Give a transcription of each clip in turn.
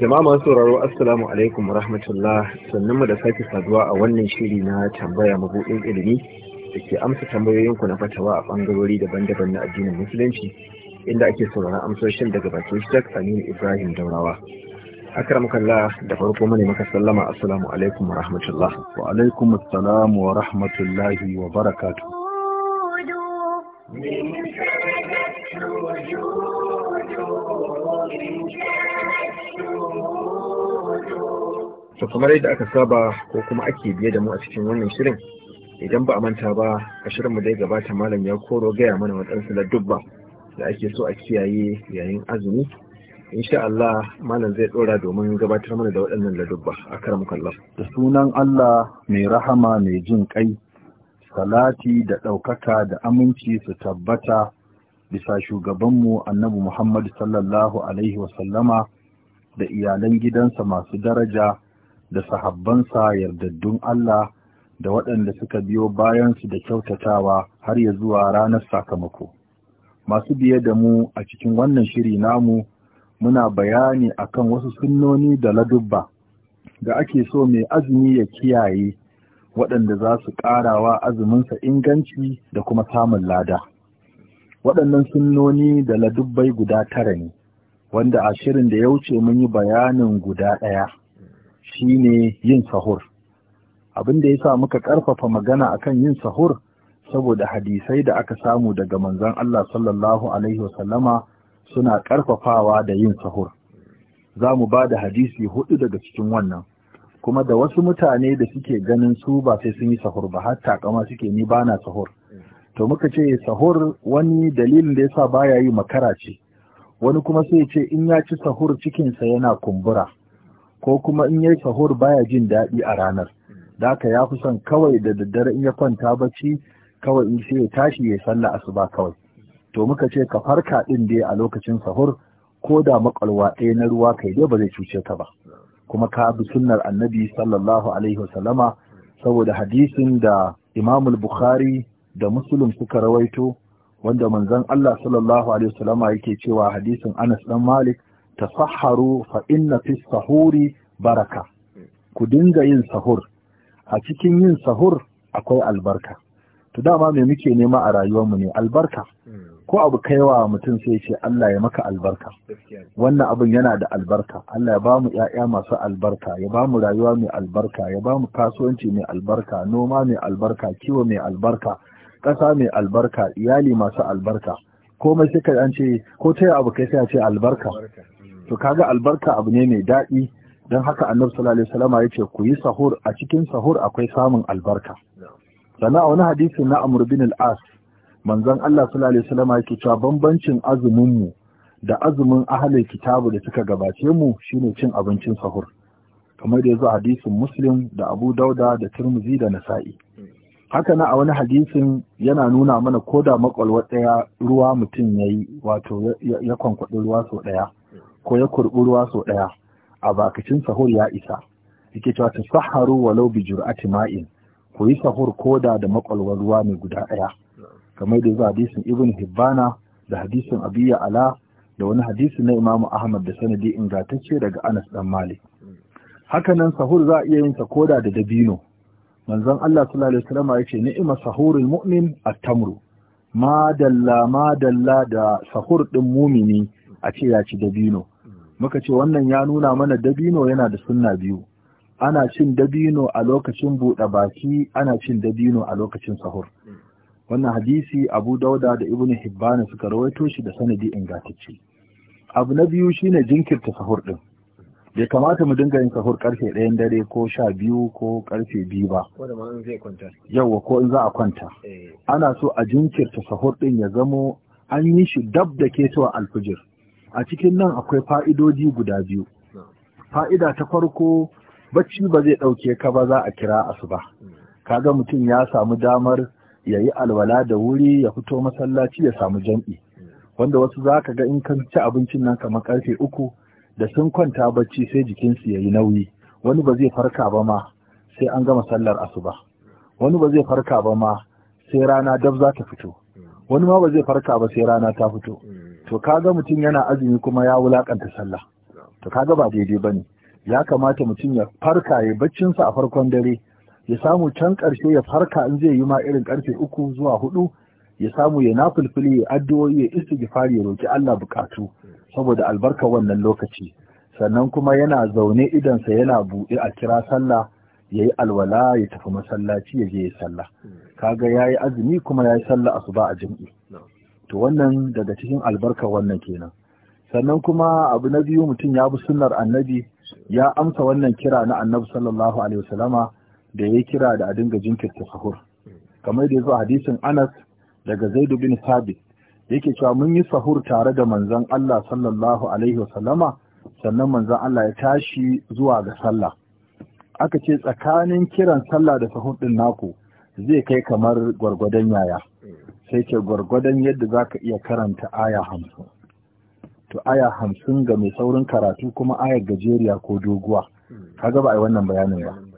Jama'a masu sauraro Assalamu alaikum wa rahmatullah sannan mu da sake saduwa a wannan shiri na tambaya mabuɗin ilimi da ke amsa tambayoyinku na fatawa a ɓangarori daban-daban na addinin musulunci inda ake sauraron amsoshin daga bakin Shek Aminu Ibrahim Daurawa. kalla da farko mani maka sallama assalamu alaikum wa rahmatullah wa alaikum assalam wa rahmatullahi wa barakatuh من To kamar yadda aka saba ko kuma ake biye da mu a cikin wannan shirin idan ba a manta ba a shirin mu dai gabata malam ya koro gaya mana waɗansu dubba da ake so a kiyaye yayin azumi insha Allah malam zai dora domin gabatar mana da waɗannan ladubba a karam kallon da sunan Allah mai rahama mai jin kai salati da ɗaukaka da aminci su tabbata bisa shugabanmu annabi Muhammad sallallahu Alaihi wasallama da iyalan gidansa masu daraja da sahabbansa yardaddun Allah da waɗanda suka biyo bayan su da kyautatawa har ya zuwa ranar sakamako. Masu biye da mu a cikin wannan shiri namu muna bayani akan wasu sunnoni da ladubba da ake so mai azumi ya kiyaye waɗanda za su ƙarawa azuminsa inganci da kuma samun lada. Waɗannan sunnoni da ladubbai guda tara ne, wanda a shirin da ya wuce mun yi bayanin guda ɗaya, shi ne yin sahur. Abin da ya sa muka ƙarfafa magana a kan yin sahur, saboda hadisai da aka samu daga manzan Allah sallallahu Alaihi wasallama suna ƙarfafawa da yin sahur. Za mu ba da hadisi hudu daga cikin wannan. kuma da wasu mutane da suke ganin su ba sai sun yi sahur ba hatta kama suke ni ba na sahur to muka ce sahur wani dalilin da yasa baya yi makara ce wani kuma sai ce in ya ci sahur cikinsa yana kumbura ko kuma in yayi sahur baya jin daɗi a ranar da haka ya fi son kawai da daddare in ya kwanta bacci kawai in sai ya tashi ya salla asuba kawai to muka ce ka farka din dai a lokacin sahur ko da makalwa ɗaya na ruwa kai dai ba zai cuce ka ba kuma ka bi sunnar annabi sallallahu alaihi wasallama saboda hadisin da imamul bukhari da muslim suka rawaito wanda manzon Allah sallallahu alaihi wasallama yake cewa hadisin Anas dan Malik tasahharu fa inna fi sahuri baraka ku dinga yin sahur a cikin yin sahur akwai albarka to dama me muke nema a rayuwarmu ne albarka hmm. ko abu kaiwa mutum sai ce Allah ya maka albarka wannan abin yana da albarka Allah ya bamu 'ya'ya masu albarka ya bamu rayuwa mai albarka ya bamu kasuwanci mai albarka noma mai albarka kiwo mai albarka ƙasa mai albarka iyali masu albarka komai sai ka an ce ko ta abu kai sai a ce albarka to kaga albarka abu ne mai daɗi don haka annabi sallallahu alaihi wasallam ya ce ku yi sahur a cikin sahur akwai samun albarka sannan a wani hadisi na Amr bin al-As manzon Allah sallallahu alaihi wasallam yake cewa bambancin azumin mu da azumin ahalin kitabu da suka gabace mu shine cin abincin sahur kamar da yazo hadisin Muslim da Abu Dauda da Turmuzi da Nasa'i haka na a wani hadisin yana nuna mana koda makwalwa ɗaya ruwa mutum yayi wato ya kwankwaɗi ruwa so ɗaya ko ya kurɓi ruwa so ɗaya a bakacin sahur ya isa yake cewa ta saharu walau bi jur'ati ma'in ku yi sahur koda da makwalwar ruwa ne guda ɗaya kamar da zuwa hadisin ibn hibbana da hadisin abiya ala da wani hadisi na imamu ahmad da sanadi ingantacce daga anas dan Haka hakanan sahur za a iya yin sa koda da dabino manzon Allah sallallahu alaihi wasallam ya ce ni'ma sahurul mu'min at-tamru ma dalla ma dalla da sahur din mumini a ce ya ci dabino muka ce wannan ya nuna mana dabino yana da sunna biyu ana cin dabino a lokacin buɗe baki ana cin dabino a lokacin sahur wannan hadisi abu dauda da ibn hibbana suka rawaito shi da sanadi ingantacce abu na biyu shine jinkirta sahur din bai kamata mu dinga yin sahur karfe ɗayan dare ko sha biyu ko karfe biyu ba yawa ko in za a kwanta eh. ana so a jinkirta sahur din ya zamo an yi shi dab da ketowa alfijir a cikin nan akwai fa'idodi guda biyu fa'ida ta farko bacci ba zai ɗauke ka ba za a kira asuba hmm. kaga mutum ya samu damar ya yi alwala da wuri ya fito masallaci ya samu jam'i wanda wasu za ka ga in ka ci abincin nan kamar karfe uku da sun kwanta bacci sai jikinsu ya yi nauyi wani ba zai farka ba ma sai an gama sallar asuba wani ba zai farka ba ma sai rana dab za ta fito wani ma ba zai farka ba sai rana ta fito to kaga mutum yana azumi kuma ya wulakanta sallah to kaga ba daidai ba ne ya kamata mutum ya farka ya baccinsa a farkon dare ya samu can ƙarshe ya farka in zai yi ma irin ƙarfe uku zuwa hudu ya samu ya fulfili ya addu'o'i ya istighfari ya roki Allah bukatu saboda albarka wannan lokaci sannan kuma yana zaune idansa yana buɗe a kira sallah ya yi alwala ya tafi masallaci ya je ya sallah kaga ya yi azumi kuma ya yi sallah asuba a jim'i to wannan daga cikin albarka wannan kenan sannan kuma abu na biyu mutum ya bi sunnar annabi ya amsa wannan kira na annabi sallallahu alaihi wasallama da ya kira da a dinga jinkirta sahur kamar da ya zo hadisin anas daga zaidu bin sabi yake cewa mun yi sahur tare da manzon Allah sallallahu alaihi wasallama sannan manzon Allah ya tashi zuwa ga sallah aka ce tsakanin kiran sallah da sahur ɗin naku zai kai kamar gwargwadon yaya sai ce gwargwadon yadda za ka iya karanta aya hamsin to aya hamsin ga mai saurin karatu kuma ayar gajeriya ko doguwa kaga ba a yi wannan bayanin ba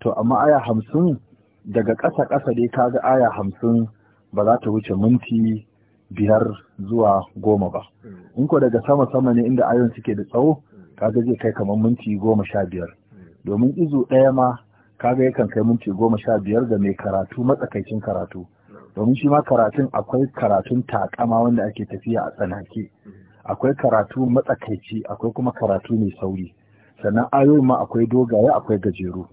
to amma aya hamsin daga ƙasa ƙasa dai kaga aya hamsin ba za ta wuce minti biyar zuwa goma ba in ko daga sama sama ne inda ayon suke da tsawo kaga zai kai kamar minti goma sha biyar domin izu ɗaya ma kaga yakan kai minti goma sha biyar da mai karatu matsakaicin karatu domin shi ma karatun akwai karatun taƙama wanda ake tafiya a tsanake akwai karatu matsakaici akwai kuma karatu mai sauri sannan ayoyin ma akwai dogaye akwai gajeru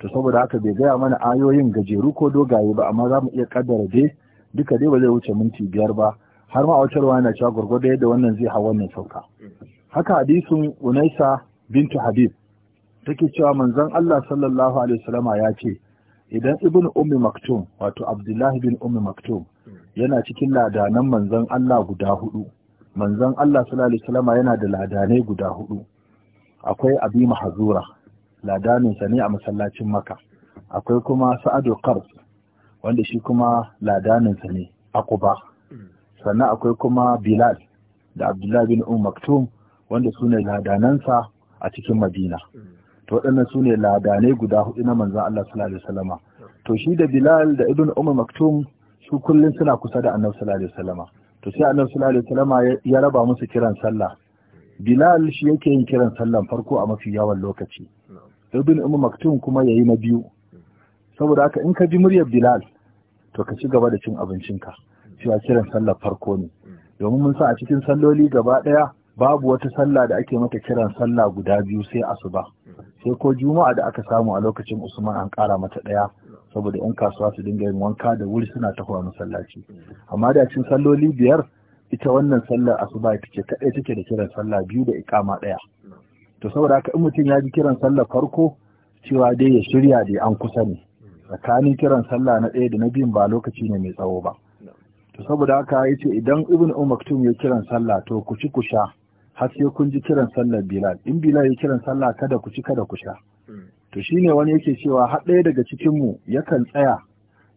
to saboda haka bai gaya mana ayoyin gajeru ko dogaye ba amma za mu iya kaddara dai duka dai ba zai wuce minti biyar ba har ma a wacce ruwa yana cewa gwargwado yadda wannan zai hawa wannan sauka haka hadisin unaisa bintu habib take cewa manzon Allah sallallahu alaihi wasallama ya ce idan ibn ummi maktum wato abdullahi bin ummi maktum yana cikin ladanan manzon Allah guda hudu manzon Allah sallallahu alaihi wasallama yana da ladanai guda hudu akwai abi mahazura ladaninsa ne a masallacin maka akwai kuma sa'adu Kars wanda shi kuma ladaninsa ne a kuba sannan akwai kuma bilal da abdullahi bin um maktum wanda su ne ladanansa a cikin madina to waɗannan su ne ladanai guda hudu na manzan allah sallallahu alaihi wasallama to shi da bilal da ibn umar maktum su kullum suna kusa da annabi sallallahu alaihi wasallama to sai annabi sallallahu alaihi ya raba musu kiran sallah bilal shi yake yin kiran sallan farko a mafi yawan lokaci ibn umm maktum kuma yayi na biyu saboda haka in ka ji muryar bilal to ka ci gaba da cin abincin abincinka cewa kiran sallar farko ne domin mun sa a cikin salloli gaba daya babu wata sallah da ake mata kiran sallah guda biyu sai asuba sai ko juma'a da aka samu a lokacin usman an kara mata daya saboda in kasuwa su dinga yin wanka da wuri suna tahowa masallaci amma da cin salloli biyar ita wannan sallar asuba ita ce kadai take da kiran sallah biyu da ikama daya to saboda haka in mutum ya ji kiran sallah farko cewa dai ya shirya dai an kusa ne tsakanin kiran sallah na ɗaya da na biyun ba lokaci ne mai tsawo ba to saboda haka ya ce idan ibn umaktum ya kiran sallah to ku ci ku sha har sai kun ji kiran sallar bilal in bilal ya kiran sallah kada ku ci kada ku sha to shine wani yake cewa har ɗaya daga cikin mu yakan tsaya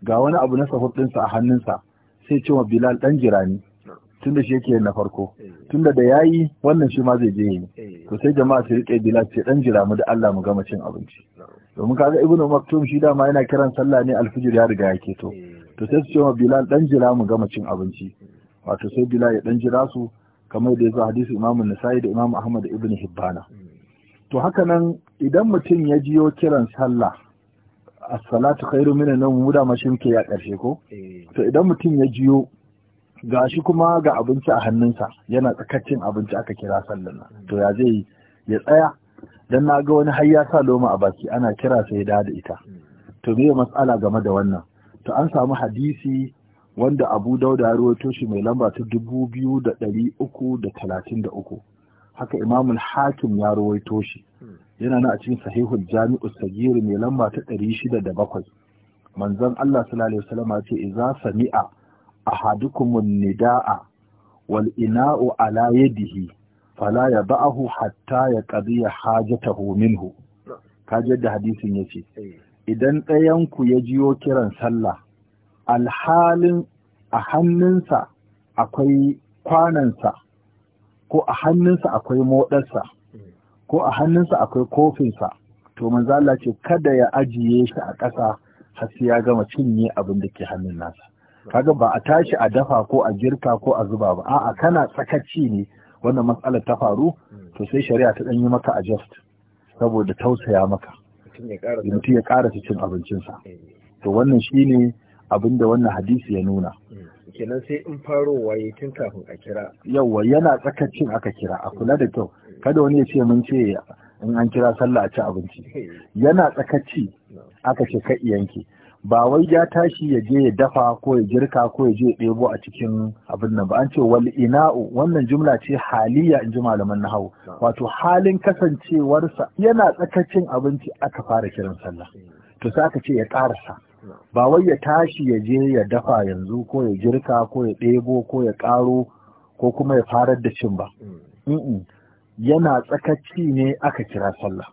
ga wani abu na sahur a hannunsa sai cewa bilal ɗan jirani tunda shi yake na farko eh. tunda da yayi wannan shi ma zai je yi eh. to sai jama'a su rike bila ce dan jira mu da Allah mu gama cin abinci domin kaga ibnu maktum shi dama yana kiran sallah ne alfijir ya riga yake to eh. to sai su ce wa bilal dan jira mu gama cin abinci hmm. wato sai bilal ya dan jira su kamar da yazo hadisi imam nasai da imam ahmad ibn hibbana hmm. to haka nan idan mutum ya jiyo kiran sallah as-salatu khairu minan nawm mu da mashin ke ya karshe ko to idan mutum ya jiyo ga shi kuma ga abinci a hannunsa yana tsakacin abinci aka kira sallan nan to ya zai ya tsaya dan na ga wani har ya sa loma a baki ana kira sai da da ita to me matsala game da wannan to an samu hadisi wanda Abu Dauda ya rawaito shi mai lamba ta dubu biyu da dari uku da talatin da uku haka Imamul Hakim ya rawaito shi yana na a cikin Sahihul Jami'u Sagir mai lamba ta dari shida da bakwai manzon Allah sallallahu alaihi wasallam ya ce idza sami'a ahadukumun nida'a wal ina'u ala yadihi fala ya ba'ahu hatta ya qadiya hajatahu minhu kaji yadda hadisin yace idan ɗayanku ya jiyo kiran sallah alhalin a hannunsa akwai kwanansa ko a hannunsa akwai moɗarsa ko a hannunsa akwai kofinsa to manzo Allah kada ya ajiye shi a ƙasa har ya gama cinye abin da ke hannun nasa kaga ba a tashi a dafa ko a girka ko a zuba ba a'a kana tsakaci ne wannan matsalar ta faru to sai shari'a ta dan yi maka adjust saboda tausaya maka mutum ya ta cin abincinsa eh. to wannan shine abin da wannan hadisi ya nuna mm. kenan sai in faro waye tun kafin a kira yawa yana tsakacin aka kira a kula da kyau mm. kada wani ya ce mun ce in an kira sallah a ci abinci eh. yana tsakaci aka ce ka yanke ba wai ya tashi ya je ya dafa ko ya girka ko ya je ya ɗebo a cikin abin nan ba an ce wal ina'u wannan jumla ce haliya in ji malaman nahawu wato halin kasancewarsa yana tsakacin abinci aka fara kiran sallah to sai aka ce ya karasa ba wai ya tashi ya je ya dafa yanzu ko ya girka ko ya ɗebo ko ya ƙaro ko kuma ya farar da cin ba yana tsakaci ne aka kira sallah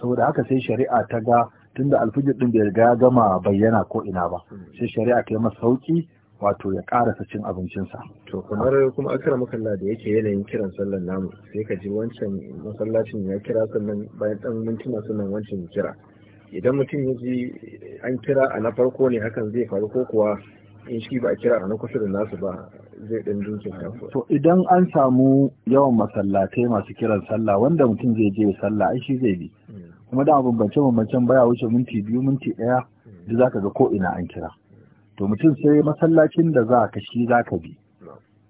saboda haka sai shari'a ta ga tunda alfijir din bai riga gama bayyana ko ina ba hmm. sai shari'a ta masa sauki wato ya karasa cin abincinsa. To kamar kuma akira makalla da yake yanayin kiran sallar namu sai ka ji wancan masallacin ya kira sannan bayan ɗan mintuna sannan wancan kira. Idan mutum ya ji an kira a na farko ne hakan zai faru ko kuwa in shi ba a kira a na kusa da nasu ba zai ɗan dunkin ta To idan an samu yawan masallatai masu kiran sallah wanda mutum zai je sallah ai shi zai bi. kuma da bambance bambancen baya wuce minti biyu minti ɗaya duk zaka ga ko ina an kira to mutum sai masallacin da za ka shi za ka bi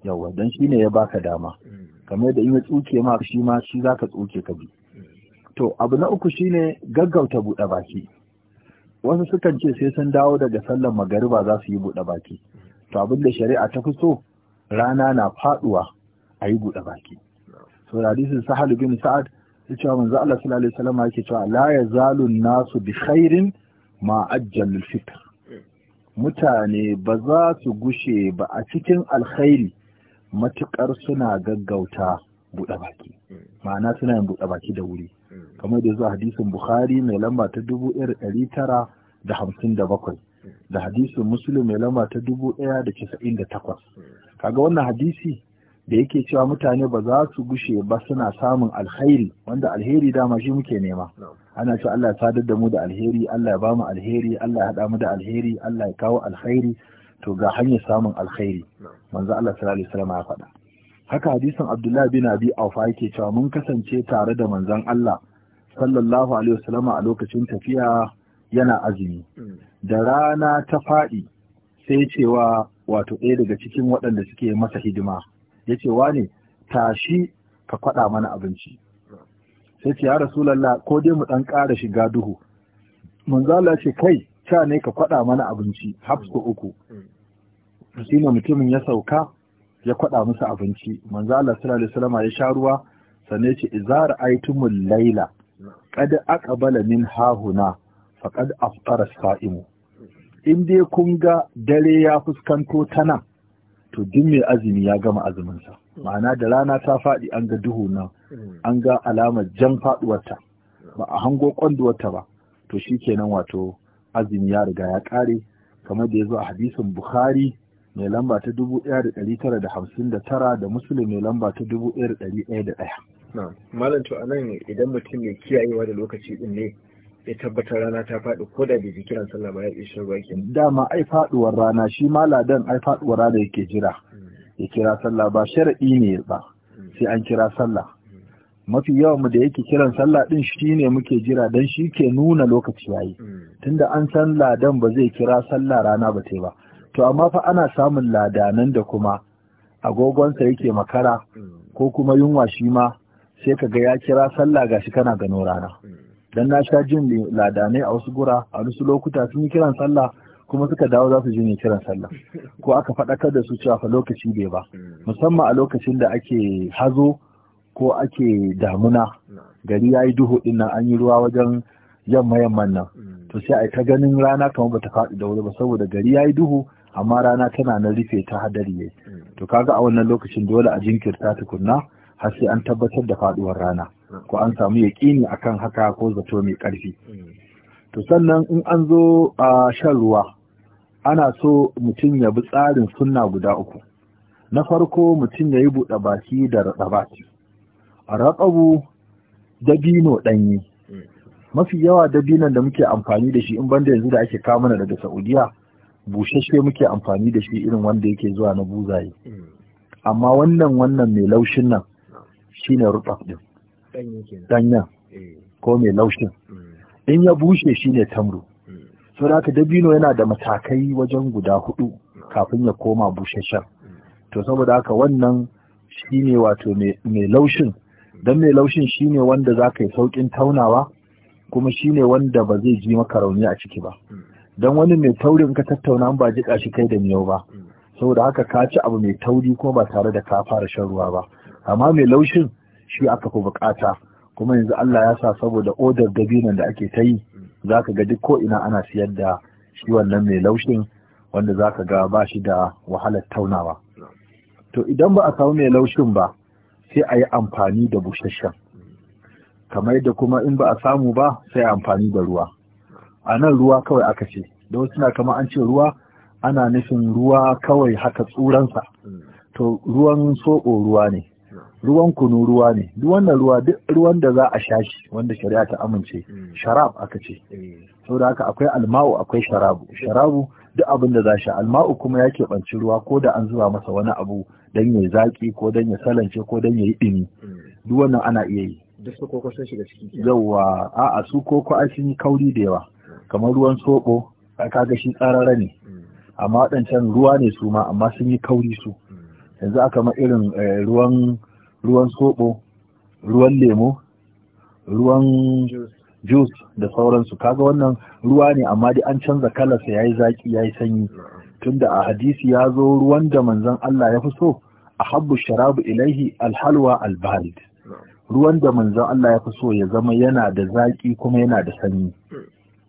yawa don shi ne ya baka dama kamar da in ya tsuke ma shi ma shi za ka tsuke ka bi to abu na uku shi ne gaggauta buɗe baki wasu sukan ce sai sun dawo daga sallar magariba za su yi buɗe baki to abin da shari'a ta fi so rana na faɗuwa a yi buɗe baki so hadisin sahal bin sa'ad ya cewa manzo Allah sallallahu alaihi wasallam yake cewa la yazalu nasu bi khairin ma ajjalul fitr mutane ba za su gushe ba a cikin alkhairi matukar suna gaggauta buɗe baki ma'ana suna yin buɗe baki da wuri kamar da zuwa hadisin bukhari mai lamba ta dubu ɗaya ɗari tara da hamsin da bakwai da hadisin musulun mai lamba ta dubu ɗaya da casa'in da takwas kaga wannan hadisi da yake cewa mutane ba za su gushe ba suna samun alheri, wanda alheri dama shi muke nema ana cewa Allah ya sadar da mu da alheri Allah ya ba mu alheri Allah ya haɗa mu da alheri Allah ya kawo alheri, to ga hanyar samun alkhairi manzo Allah sallallahu alaihi wasallam ya faɗa haka hadisin Abdullah bin Abi Aufa yake cewa mun kasance tare da manzon Allah sallallahu alaihi wasallam a lokacin tafiya yana azumi da rana ta faɗi sai cewa wato ɗaya daga cikin waɗanda suke masa hidima ya ce wane tashi ka kwaɗa mana abinci sai ce ya rasu rasulallah ko dai mu dan kara shiga duhu manzala ce kai ca ne ka kwaɗa mana abinci hafsu uku shi ne mutumin ya sauka ya kwaɗa musu abinci manzala sallallahu alaihi ya sha ruwa sannan ce izar aitumul laila aka aqbala min hahuna faqad aftara sa'imu in dai kun ga dare ya fuskanto ta nan to duk mai azumi ya gama azuminsa mm. ma'ana da rana ta faɗi an ga duhu na, mm. an ga alamar jan faɗuwarta mm. ba a hango kwanduwarta ba to shi kenan wato azumi ya riga ya ƙare kamar da ya zo a hadisin bukhari mai lamba ta ɗaya da muslim mai lamba ta 1101 malam to anan idan mutum ya kiyayewa da lokaci din ne ya tabbatar rana ta faɗi ko da bai kiran sallah ba ya shan ruwa dama ai faɗuwar rana shi ma ladan ai faɗuwar rana yake jira ya kira sallah ba sharaɗi ne ba sai an kira sallah mafi yawan mu da yake kiran sallah ɗin shi ne muke jira dan shi ke nuna lokaci yayi tunda an san ladan ba zai kira sallah rana ba ta ba to amma fa ana samun ladanan da kuma agogonsa yake makara ko kuma yunwa shi ma sai ka ga ya kira sallah gashi kana gano rana dan na sha jin ladanai a wasu gura a wasu lokuta sun yi kiran sallah kuma suka dawo za su ji ne kiran sallah ko aka faɗakar da su cewa fa lokaci bai ba musamman a lokacin da ake hazo ko ake damuna gari ya yi duhu ɗin nan an yi ruwa wajen yamma yamman nan to sai a ta ganin rana kamar bata faɗi da wuri ba saboda gari ya yi duhu amma rana tana na rufe ta hadari ne to kaga a wannan lokacin dole a jinkirta tukunna har sai an tabbatar da faɗuwar rana ko an samu a kan haka ko zato mai ƙarfi mm. to sannan in an zo a shan ruwa ana so mutum ya bi tsarin sunna guda uku na farko mutum ya yi buɗe baki da baki a raƙabu dabino ɗanyi mm. mafi yawa dabinon da muke amfani da shi in banda yanzu da ake kama na daga saudiya bushashe muke amfani da shi irin wanda yake zuwa na buzaye mm. amma wannan wannan mai laushin nan shine rubab din danyen eh. ko mai laushin mm. in ya bushe shi ne tamru mm. so da haka dabino yana da matakai wajen guda hudu kafin ya koma busheshen mm. to saboda haka wannan shi ne wato mai laushin don mai laushin shi ne wanda za ka yi sauƙin taunawa kuma shi ne wanda ba zai ji maka rauni a ciki ba don wani mai taurin ka tattauna ba ji shi kai da miyau ba saboda haka ka ci abu mai tauri kuma ba tare da ka fara shan ruwa ba amma mai laushin shi aka fi bukata kuma yanzu Allah ya sa saboda odar dabinan da ake ta yi za ka ga duk ko ina ana siyar da shi wannan mai laushin wanda za ka ga ba shi da wahalar taunawa to idan ba a samu mai laushin ba sai a yi amfani da busasshen kamar da kuma in ba a samu ba sai amfani da ruwa a nan ruwa kawai aka ce da wasu suna kama an ce ruwa ana nufin ruwa kawai haka tsuransa to ruwan soɓo ruwa ne ruwan kunu ruwa ne duk wannan ruwa duk ruwan da za a sha shi wanda shari'a ta amince hmm. sharab aka ce eh. saboda haka akwai alma'u akwai sharabu sharabu duk abin da za sha alma'u kuma ya keɓanci ruwa ko da an zuba masa wani abu don ya zaƙi ko don ya salance ko don ya yi ɗumi hmm. duk wannan ana iya yi duk su koko sun shiga ciki yawa a'a su koko ai sun yi kauri da yawa kamar ruwan soɓo kaga shi tsarara ne hmm. amma waɗancan ruwa ne su ma amma sun yi kauri su yanzu aka ma irin eh, ruwan ruwan soɓo ruwan lemo ruwan jus da sauransu kaga wannan ruwa ne amma dai an canza kalarsa zaƙi ya yi sanyi tunda a hadisi ya zo ruwan da manzon Allah ya fi so a habbu sharabu ilaihi alhalwa albarid ruwan da manzon Allah ya fi so ya zama yana da zaƙi kuma yana da sanyi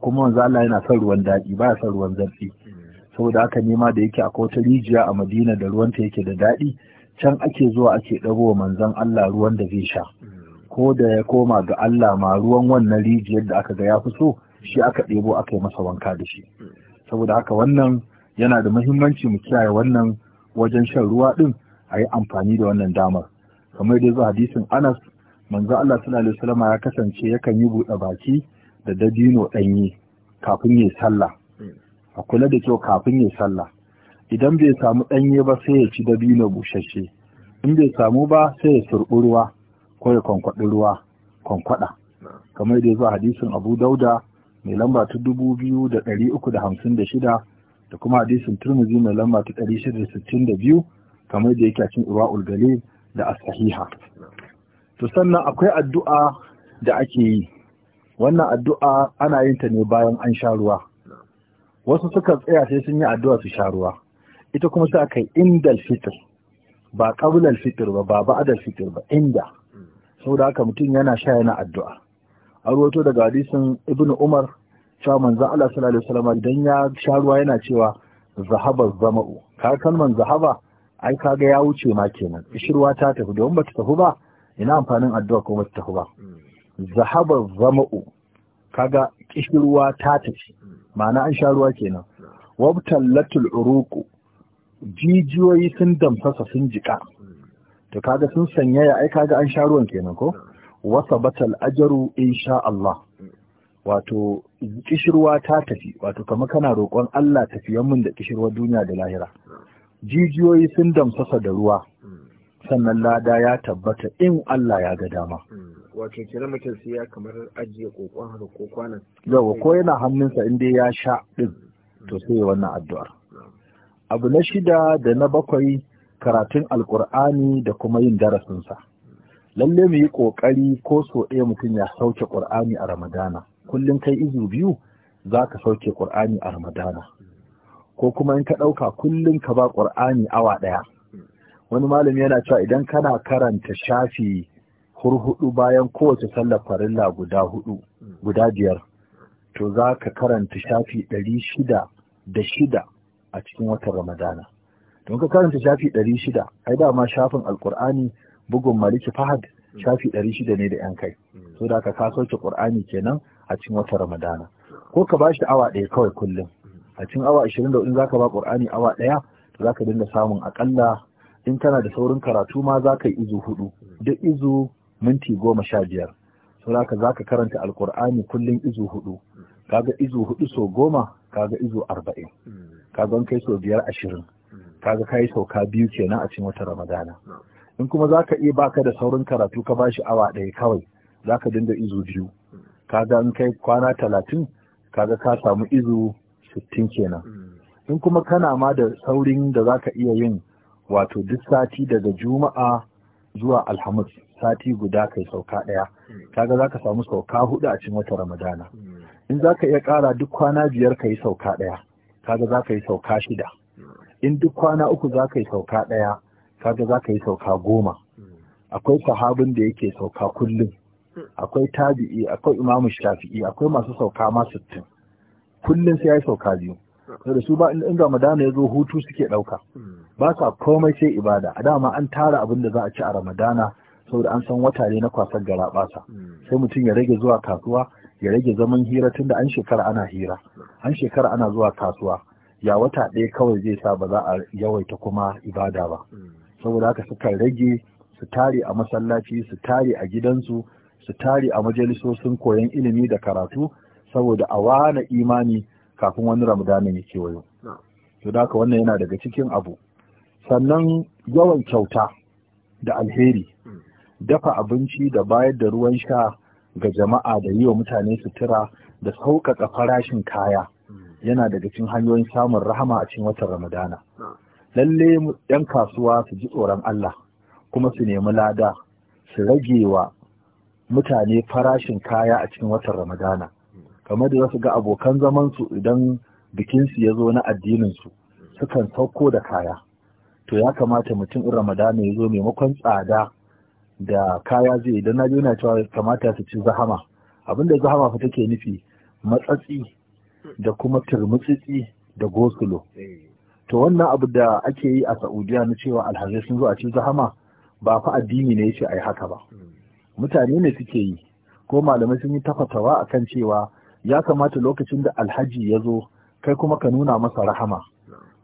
kuma manzon Allah yana son ruwan daɗi ba son ruwan zaƙi hmm. saboda haka nema da yake a wata rijiya a Madina da ruwanta yake da daɗi can ake zuwa ake ɗago manzon Allah ruwan da zai sha ko da ya koma ga Allah ma ruwan wannan rijiyar da aka ga ya fi so shi aka ɗebo aka yi masa wanka da shi saboda haka wannan yana da muhimmanci mu kiyaye wannan wajen shan ruwa ɗin a yi amfani da wannan damar kamar dai zuwa hadisin Anas manzan Allah sallallahu alaihi wasallam ya kasance yakan yi buɗe baki da dadino ɗanye kafin ya sallah a kula da kyau kafin ya sallah idan bai samu ɗanye ba sai ya ci dabino bushashe in bai samu ba sai ya surɓi ruwa ko ya kwankwaɗi ruwa kwankwaɗa kamar da ya zo hadisin abu dauda mai lamba dubu biyu da ɗari uku da hamsin da shida da kuma hadisin turmuzi mai lamba ta ɗari shida da sittin da biyu kamar da yake a cikin urwa'ul da asahiha to sannan akwai addu'a da ake yi wannan addu'a ana yin ta ne bayan an sha ruwa wasu suka tsaya sai sun yi addu'a su sha ruwa ita kuma sai aka yi indal Fitir. ba qablal Fitir ba ba adal Fitir ba inda saboda haka mutum yana sha yana addu'a an ruwato daga hadisin ibnu umar cewa manzo Allah sallallahu alaihi wasallam idan ya sha ruwa yana cewa zahaba zama'u ka kalman zahaba ai kaga ya wuce ma kenan ishirwa ta tafi domin ta tafi ba ina amfanin addu'a ko ta tafi ba zahaba zama'u kaga kishirwa ta tafi ma'ana an sha ruwa kenan wabtallatul uruqu jijiyoyi sun damfasa sun jika to kaga sun sanyaya ai kaga an sha ruwan kenan ko wasa batal ajaru insha Allah wato kishirwa ta tafi wato kamar kana roƙon Allah tafiyan mun da kishirwar duniya da lahira jijiyoyi sun damsasa da ruwa sannan lada ya tabbata in Allah ya ga dama wato kira mutum sai ya kamar ajiye kokon haka ko kwanan yawa ko yana hannunsa in dai ya sha din to sai wannan addu'ar abu na shida da na bakwai karatun alkur'ani da kuma yin darasinsa lalle mu yi ƙoƙari ko so ɗaya mutum ya sauke ƙur'ani a ramadana kullum kai izu biyu za ka sauke ƙur'ani a ramadana ko kuma in ka ɗauka kullum ka ba ƙur'ani awa ɗaya wani malami yana cewa idan kana karanta shafi hurhudu bayan kowace sallar farilla guda hudu guda biyar to za ka karanta shafi ɗari shida da shida a cikin watan ramadana don ka karanta shafi ɗari shida ai dama shafin alkur'ani bugun maliki fahad shafi ɗari shida ne da yan kai so da ka ki ƙur'ani kenan a cikin watan ramadana ko ka ba bashi awa ɗaya kawai kullum a cikin awa ashirin da za ka ba ƙur'ani awa ɗaya to ka dinga samun aƙalla in kana da saurin karatu ma za ka yi izu hudu duk izu minti goma sha biyar so da ka ka karanta alkur'ani kullum izu hudu kaga izu hudu so goma kaga izu arba'in hmm. kaga kai so biyar ashirin hmm. kaga kai sauka biyu kenan a cikin wata ramadana hmm. in kuma za ka iya baka da saurin karatu ka shi awa ɗaya kawai za ka dinga izu biyu kaga in kai kwana talatin kaga ka samu izu sittin kenan in kuma kana ma da saurin da za ka iya yin wato duk sati daga juma'a zuwa alhamis sati guda kai sauka ɗaya kaga za ka samu sauka hudu a cikin wata ramadana in za ka iya ƙara duk kwana biyar ka yi sauka ɗaya kaga za ka yi sauka shida in duk kwana uku za ka yi sauka ɗaya kaga za ka yi sauka goma akwai sahabin da yake sauka kullum akwai tabi'i akwai imamu shafi'i akwai masu sauka ma sittin kullum sai ya yi sauka biyu da su ba in ramadana ya zo hutu suke ɗauka ba sa komai sai ibada a dama an tara abin da za a ci a ramadana saboda an san wata ne na kwasar gara ɓasa sai mutum ya rage zuwa kasuwa ya rage zaman hira tun da an shekara ana hira an shekara ana zuwa kasuwa ya wata ɗaya kawai zai sa ba za a yawaita kuma ibada ba saboda haka suka rage su tare a masallaci su tare a gidansu su tare a majalisosin koyon ilimi da karatu saboda a wani imani kafin wani ramadanin ya kewayo to da haka wannan yana daga cikin abu sannan yawan kyauta da alheri dafa abinci da bayar da ruwan sha ga jama'a da yi wa mutane sutura da sauƙaƙa farashin kaya yana daga cikin hanyoyin samun rahama a cikin watan ramadana lalle yan kasuwa su ji tsoron Allah kuma su nemi lada su rage wa mutane farashin kaya a cikin watan ramadana kamar da su ga abokan zamansu idan bikinsu ya zo na addininsu sukan sauko da kaya to ya kamata mutum in ramadana ya zo maimakon tsada da kaya zai idan na yana cewa kamata su ci zahama abinda zahama fa take nufi matsatsi da kuma turmutsitsi da gosulo to wannan abu da ake yi a saudiya na cewa alhazai sun zo a ci zahama ba fa addini ne yace ai haka ba mutane ne suke yi ko malamai sun yi tafatawa akan cewa ya kamata lokacin da alhaji ya zo kai kuma ka nuna masa rahama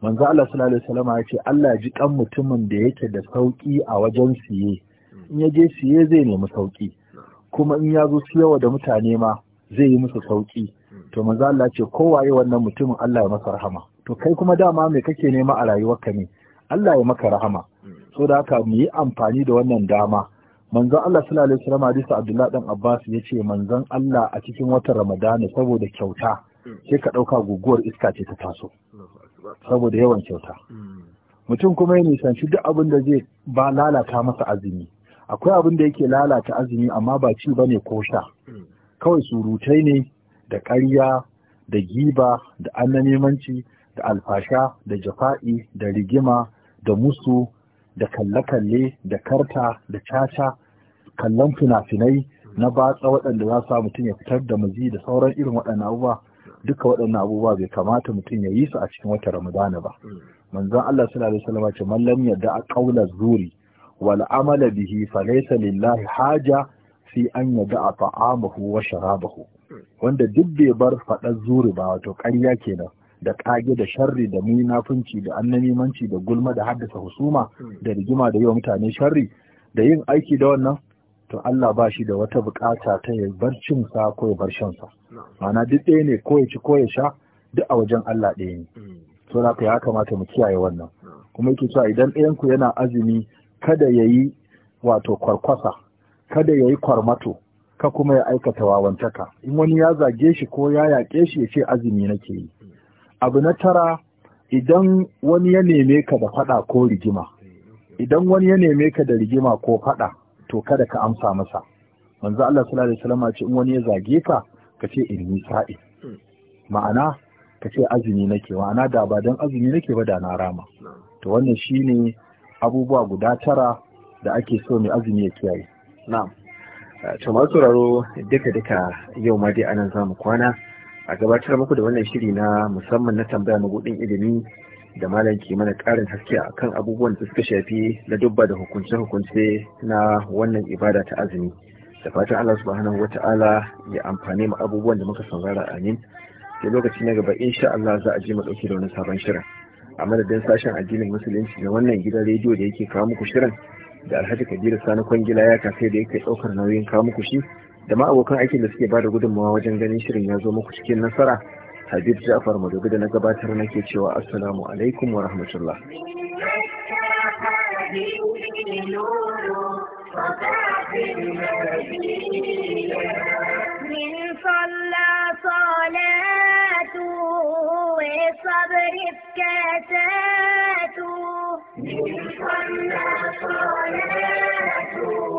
manzo Allah sallallahu alaihi wasallam ya ce Allah ji kan mutumin da yake da sauki a wajen siye in ya je siye zai nemi sauƙi, kuma in ya zo siyarwa da mutane ma zai yi musu sauƙi. to manzo Allah ce waye wannan mutumin Allah ya masa rahama to kai kuma dama me kake nema a rayuwarka ne Allah ya maka rahama so da haka mu yi amfani da wannan dama manzon Allah sallallahu alaihi wasallam hadisi Abdullah dan Abbas ya ce manzon Allah a cikin watan Ramadana saboda kyauta sai ka dauka guguwar iska ce ta taso saboda yawan kyauta hmm. mutum kuma ya nisanci duk abin da zai ba lalata masa azumi akwai abin da yake lalata azumi amma ba ci ba ne ko sha kawai surutai ne da ƙarya da giba da annamimanci da alfasha da jafa'i da rigima da musu da kalle-kalle da karta da caca kallon fina-finai na batsa waɗanda za su mutum ya fitar da mazi da sauran irin waɗannan abubuwa duka waɗannan abubuwa bai kamata mutum ya yi su a cikin wata ramadana ba mm. manzon Allah sallallahu alaihi wasallam ce Mallam yadda a ƙaular zuri والعمل به bihi لله حاجة haja أن an طعامه وشرابه wa sharabahu wanda duk bai bar faɗar zuri ba wato ƙarya kenan da ƙage da sharri da munafunci da annamimanci da gulma da haddasa husuma da rigima da yawa mutane sharri da yin aiki da wannan to Allah ba shi da wata bukata ta ya bar cin sa ko ya bar shan sa ma'ana duk ɗaya ne ko ya ci ko ya sha duk a wajen Allah ɗaya ne hmm. So to ya kamata mu kiyaye wannan kuma yake cewa idan ɗayan ku yana azumi kada ya yi wato kwarkwasa kada ya yi kwarmato ka kuma ya aikata wawantaka in wani ya zage shi ko ya yaƙe shi ya ce azumi nake yi abu na tara idan wani ya neme ka da faɗa ko rigima idan wani ya neme ka da rigima ko faɗa to kada ka amsa masa manzo Allah sallallahu alaihi wasallam ce in wani ya zage ka ka ce in sa'i ma'ana ka ce azumi nake ma'ana da ba dan azumi nake ba da na rama to wannan shine abubuwa guda tara da ake so mai azumi ya kiyaye na'am eh, to masu sauraro duka duka yau ma dai anan zamu kwana a gabatar muku da wannan shiri na musamman na tambaya gudun ilimi da malam ke mana karin haske a kan abubuwan da suka shafi na dubba da hukunce-hukunce na wannan ibada ta azumi da fatan Allah subhanahu ta'ala ya amfani mu abubuwan da muka saurara amin sai lokaci na gaba insha Allah za a je mu dauke da wani sabon shirin a madadin sashen addinin musulunci da wannan gidan rediyo da yake kawo muku shirin da alhaji kabiru sani kwangila ya kafe da yake ɗaukar nauyin kawo muku shi da ma abokan aikin da suke ba da gudunmawa wajen ganin shirin ya zo muku cikin nasara habib ja'far madobi da na gabatar nake cewa assalamu alaikum wa rahmatullah you. صلاته وصبر بكساته صلى صلاته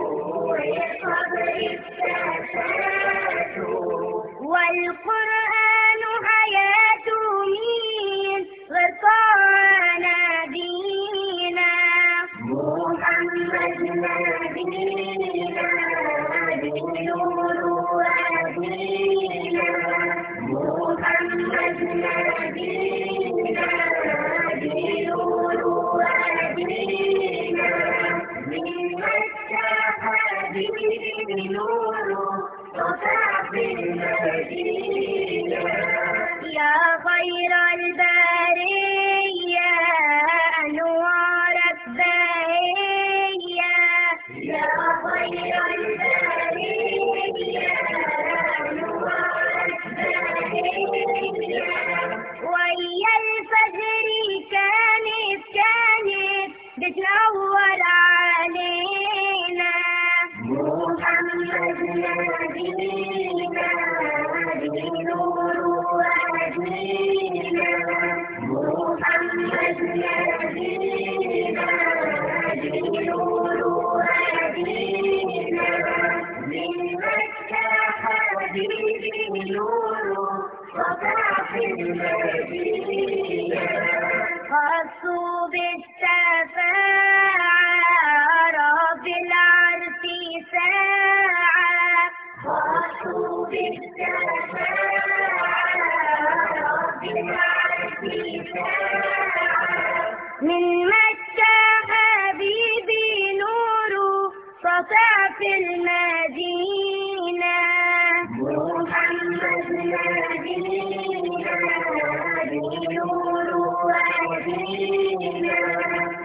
نبينا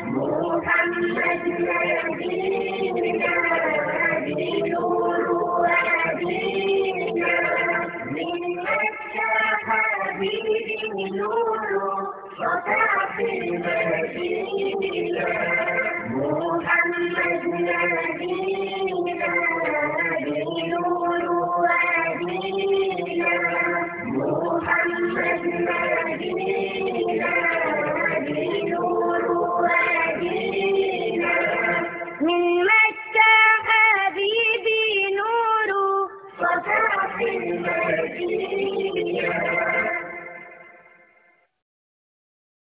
محمد نبينا